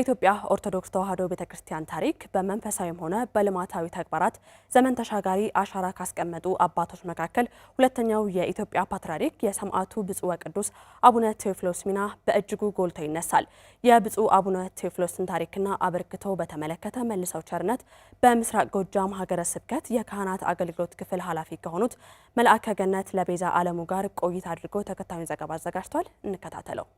የኢትዮጵያ ኦርቶዶክስ ተዋሕዶ ቤተ ክርስቲያን ታሪክ በመንፈሳዊም ሆነ በልማታዊ ተግባራት ዘመን ተሻጋሪ አሻራ ካስቀመጡ አባቶች መካከል ሁለተኛው የኢትዮጵያ ፓትርያርክ የሰማዕቱ ብፁዕ ወቅዱስ አቡነ ቴዎፍሎስ ሚና በእጅጉ ጎልቶ ይነሳል። የብፁዕ አቡነ ቴዎፍሎስን ታሪክና አበርክቶ በተመለከተ መልሰው ቸርነት በምስራቅ ጎጃም ሀገረ ስብከት የካህናት አገልግሎት ክፍል ኃላፊ ከሆኑት መልአከ ገነት ለቤዛ አለሙ ጋር ቆይታ አድርጎ ተከታዩን ዘገባ አዘጋጅቷል። እንከታተለው።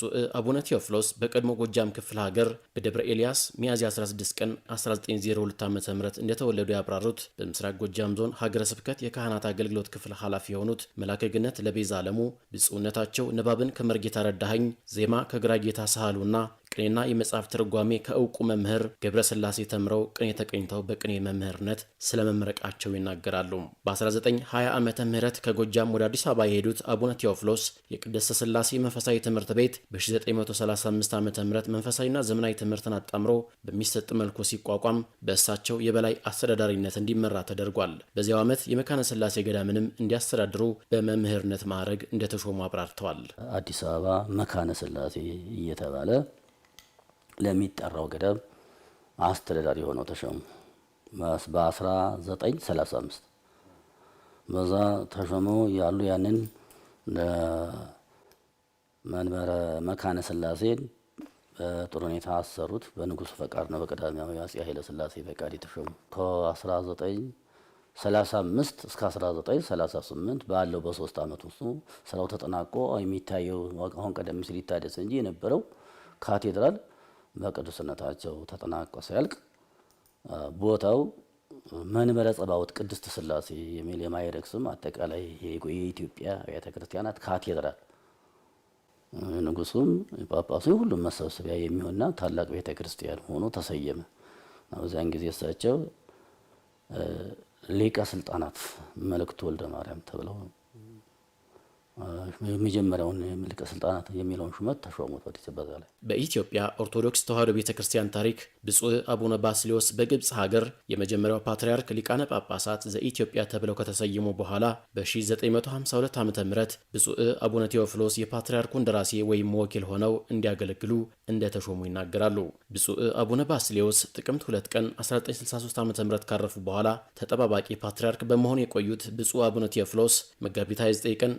ብፁዕ አቡነ ቴዎፍሎስ በቀድሞ ጎጃም ክፍለ ሀገር በደብረ ኤልያስ ሚያዝያ 16 ቀን 1902 ዓ ም እንደተወለዱ ያብራሩት በምስራቅ ጎጃም ዞን ሀገረ ስብከት የካህናት አገልግሎት ክፍል ኃላፊ የሆኑት መላከ ገነት ለቤዛ አለሙ ብፁዕነታቸው ንባብን ከመርጌታ ረዳኸኝ፣ ዜማ ከግራጌታ ሳህሉና ቅኔና የመጽሐፍ ትርጓሜ ከእውቁ መምህር ገብረ ስላሴ ተምረው ቅኔ ተቀኝተው በቅኔ መምህርነት ስለመመረቃቸው ይናገራሉ። በ1920 ዓ ምህረት ከጎጃም ወደ አዲስ አበባ የሄዱት አቡነ ቴዎፍሎስ የቅድስተ ስላሴ መንፈሳዊ ትምህርት ቤት በ1935 ዓ ም መንፈሳዊና ዘመናዊ ትምህርትን አጣምሮ በሚሰጥ መልኩ ሲቋቋም በእሳቸው የበላይ አስተዳዳሪነት እንዲመራ ተደርጓል። በዚያው ዓመት የመካነ ስላሴ ገዳምንም እንዲያስተዳድሩ በመምህርነት ማዕረግ እንደተሾሙ አብራርተዋል። አዲስ አበባ መካነ ስላሴ እየተባለ ለሚጠራው ገደብ አስተዳዳሪ ሆነው ተሾሙ። በ1935 በዛ ተሾመው ያሉ ያንን መንበረ መካነ ስላሴን በጥሩ ሁኔታ አሰሩት። በንጉሱ ፈቃድ ነው፣ በቀዳማዊ አፄ ኃይለ ስላሴ ፈቃድ የተሾሙ ከ1935 እስከ 1938 ባለው በሶስት ዓመት ውስጡ ስራው ተጠናቆ የሚታየው አሁን ቀደም ሲል ይታደስ እንጂ የነበረው ካቴድራል በቅዱስነታቸው ተጠናቆ ሲያልቅ ቦታው መንበረ ጸባዖት ቅድስት ሥላሴ የሚል የማይረግ ስም አጠቃላይ የኢትዮጵያ አብያተ ክርስቲያናት ካቴድራል ንጉሱም ጳጳሱ ሁሉም መሰብሰቢያ የሚሆንና ታላቅ ቤተ ክርስቲያን ሆኖ ተሰየመ። በዚያን ጊዜ እሳቸው ሊቀ ስልጣናት መልእክት ወልደ ማርያም ተብለው የመጀመሪያውን ምልቀ ስልጣናት የሚለውን ሹመት ተሾሙት። ወዲህ በዛ ላይ በኢትዮጵያ ኦርቶዶክስ ተዋሕዶ ቤተ ክርስቲያን ታሪክ ብፁዕ አቡነ ባስልዮስ በግብፅ ሀገር የመጀመሪያው ፓትርያርክ ሊቃነ ጳጳሳት ዘኢትዮጵያ ተብለው ከተሰየሙ በኋላ በ1952 ዓ ም ብፁዕ አቡነ ቴዎፍሎስ የፓትርያርኩ እንደራሴ ወይም ወኪል ሆነው እንዲያገለግሉ እንደተሾሙ ይናገራሉ። ብፁዕ አቡነ ባስልዮስ ጥቅምት 2 ቀን 1963 ዓ ም ካረፉ በኋላ ተጠባባቂ ፓትርያርክ በመሆን የቆዩት ብፁዕ አቡነ ቴዎፍሎስ መጋቢት 29 ቀን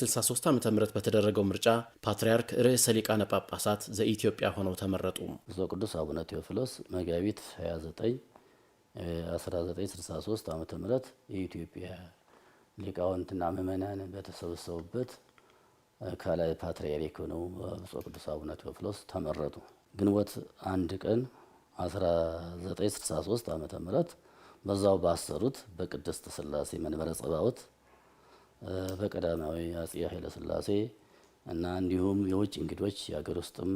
በ63 ዓ ም በተደረገው ምርጫ ፓትርያርክ ርዕሰ ሊቃነ ጳጳሳት ዘኢትዮጵያ ሆነው ተመረጡ። ብፁዕ ቅዱስ አቡነ ቴዎፍሎስ መጋቢት 29 1963 ዓ ም የኢትዮጵያ ሊቃውንትና ምእመናን በተሰበሰቡበት ከላይ ፓትርያርክ ሆነው ብፁዕ ቅዱስ አቡነ ቴዎፍሎስ ተመረጡ። ግንቦት አንድ ቀን 1963 ዓ ም በዛው ባሰሩት በቅድስት ስላሴ መንበረ ጸባዖት በቀዳማዊ አጼ ኃይለስላሴ እና እንዲሁም የውጭ እንግዶች የሀገር ውስጥም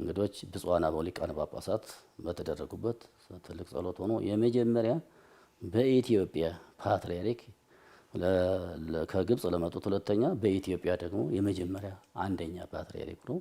እንግዶች ብፁዓን አበው ሊቃነ ጳጳሳት በተደረጉበት ትልቅ ጸሎት ሆኖ የመጀመሪያ በኢትዮጵያ ፓትርያርክ ከግብጽ ለመጡት ሁለተኛ በኢትዮጵያ ደግሞ የመጀመሪያ አንደኛ ፓትርያርክ ነው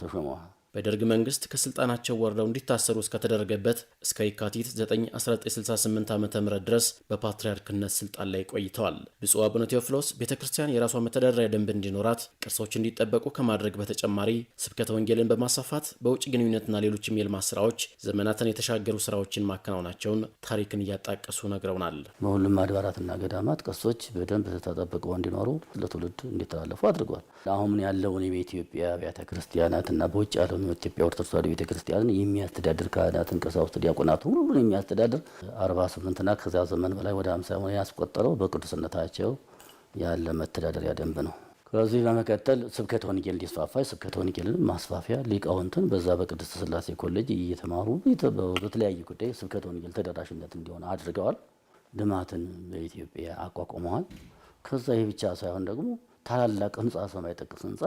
ተሾመዋል። በደርግ መንግስት ከስልጣናቸው ወርደው እንዲታሰሩ እስከተደረገበት እስከ የካቲት 9 1968 ዓ ም ድረስ በፓትርያርክነት ስልጣን ላይ ቆይተዋል። ብፁዕ አቡነ ቴዎፍሎስ ቤተ ክርስቲያን የራሷ መተዳደሪያ ደንብ እንዲኖራት፣ ቅርሶች እንዲጠበቁ ከማድረግ በተጨማሪ ስብከተ ወንጌልን በማስፋፋት በውጭ ግንኙነትና ሌሎችም የልማት ስራዎች ዘመናትን የተሻገሩ ስራዎችን ማከናወናቸውን ታሪክን እያጣቀሱ ነግረውናል። በሁሉም አድባራትና ገዳማት ቅርሶች በደንብ ተጠብቀው እንዲኖሩ ለትውልድ እንዲተላለፉ አድርጓል። አሁን ያለውን የኢትዮጵያ አብያተ ክርስቲያናትና በውጭ ያለ ኢትዮጵያ ኦርቶዶክስ ተዋሕዶ ቤተክርስቲያንን የሚያስተዳድር ካህናትን፣ ቀሳውስት፣ ዲያቆናትን ሁሉን የሚያስተዳድር 48ና ከዚያ ዘመን በላይ ወደ 50 ያስቆጠረው በቅዱስነታቸው ያለ መተዳደሪያ ደንብ ነው። ከዚህ በመቀጠል ስብከተ ወንጌል እንዲስፋፋ ስብከተ ወንጌልን ማስፋፊያ ሊቃውንትን በዛ በቅድስት ስላሴ ኮሌጅ እየተማሩ በተለያየ ጉዳይ ስብከተ ወንጌል ተደራሽነት እንዲሆን አድርገዋል። ልማትን በኢትዮጵያ አቋቁመዋል። ከዛ ይህ ብቻ ሳይሆን ደግሞ ታላላቅ ህንፃ ሰማይ ጠቀስ ህንፃ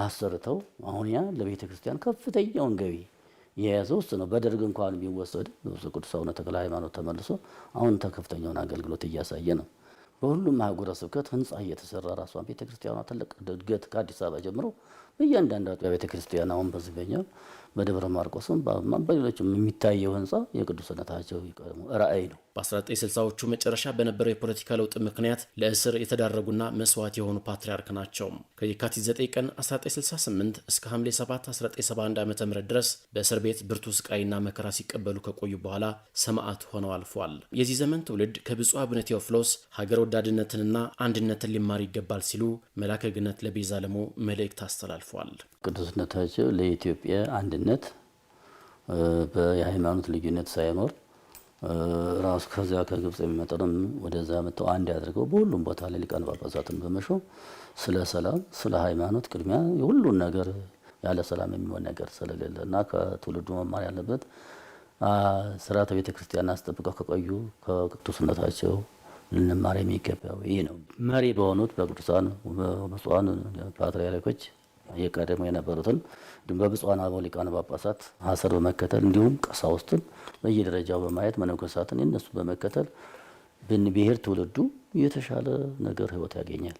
አሰርተው አሁን ያ ለቤተ ክርስቲያን ከፍተኛውን ገቢ የያዘ ውስጥ ነው። በደርግ እንኳን ቢወሰድ ብፁዕ ቅዱስ አቡነ ተክለ ሃይማኖት ተመልሶ አሁን ከፍተኛውን አገልግሎት እያሳየ ነው። በሁሉም አህጉረ ስብከት ህንፃ እየተሰራ ራሷን ቤተ ክርስቲያኗ ትልቅ እድገት ከአዲስ አበባ ጀምሮ በእያንዳንዱ አጥቢያ ቤተ ክርስቲያን አሁን በዚህ በኛ በደብረ ማርቆስም በሌሎችም የሚታየው ህንፃ የቅዱስነታቸው ራእይ ነው። በ1960ዎቹ መጨረሻ በነበረው የፖለቲካ ለውጥ ምክንያት ለእስር የተዳረጉና መስዋዕት የሆኑ ፓትርያርክ ናቸው። ከየካቲት 9 ቀን 1968 እስከ ሐምሌ 7 1971 ዓ ም ድረስ በእስር ቤት ብርቱ ስቃይና መከራ ሲቀበሉ ከቆዩ በኋላ ሰማዕት ሆነው አልፏል። የዚህ ዘመን ትውልድ ከብፁዕ አቡነ ቴዎፍሎስ ሀገር ወዳድነትንና አንድነትን ሊማር ይገባል ሲሉ መላከ ለቤዛለሞ ለቤዛ ለሞ መልእክት አስተላልፏል። አልፏል። ቅዱስነታቸው ለኢትዮጵያ አንድነት የሃይማኖት ልዩነት ሳይኖር ራሱ ከዚያ ከግብፅ የሚመጣውንም ወደዛ መጥተው አንድ ያደርገው በሁሉም ቦታ ላይ ሊቃነ ጳጳሳትን በመሾም ስለ ሰላም፣ ስለ ሃይማኖት ቅድሚያ የሁሉን ነገር ያለ ሰላም የሚሆን ነገር ስለሌለ እና ከትውልዱ መማር ያለበት ስርዓተ ቤተ ክርስቲያን አስጠብቀው ከቆዩ ከቅዱስነታቸው ልንማር የሚገባው ይህ ነው። መሪ በሆኑት በቅዱሳን በብፁዓን ፓትርያርኮች የቀደሙ የነበሩትን በብፁዓን አበው ሊቃነ ጳጳሳት ሀሰር በመከተል እንዲሁም ቀሳውስትን በየደረጃው በማየት መነኮሳትን የነሱ በመከተል ብን ብሔር ትውልዱ የተሻለ ነገር ህይወት ያገኛል።